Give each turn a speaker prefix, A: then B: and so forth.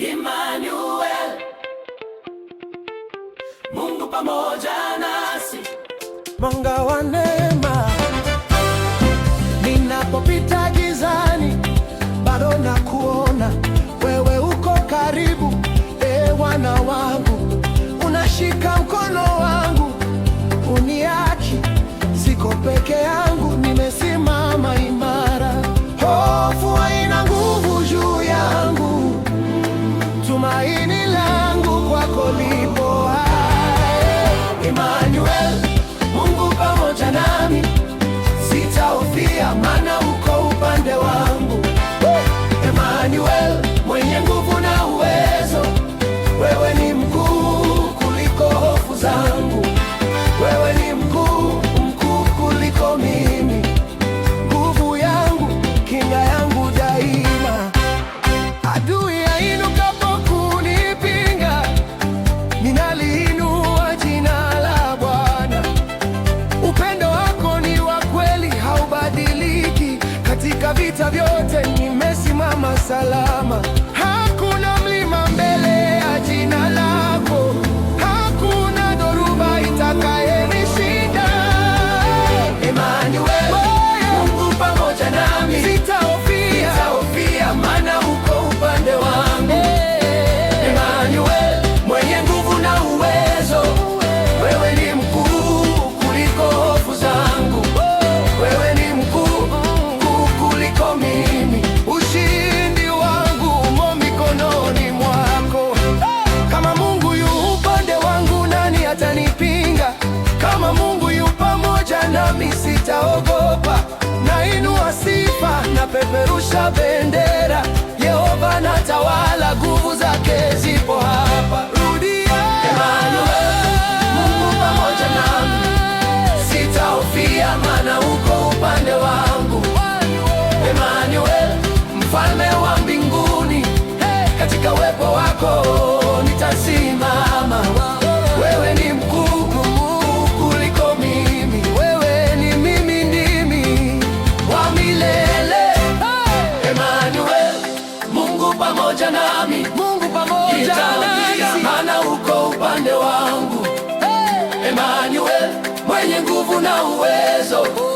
A: Emmanuel, Mungu pamoja nasi,
B: mwanga wa neno Katika vita vyote nimesimama salama. kama bendera. Yehova anatawala tawala, nguvu zake zipo hapa. Rudia
A: Emmanuel, Mungu pamoja nami, sitahofia maana uko upande wangu. Emmanuel, mfalme wa mbinguni, katika uwepo wako nami,
B: Mungu pamoja nasi,
A: maana uko upande wangu. Hey! Emmanuel, mwenye nguvu na uwezo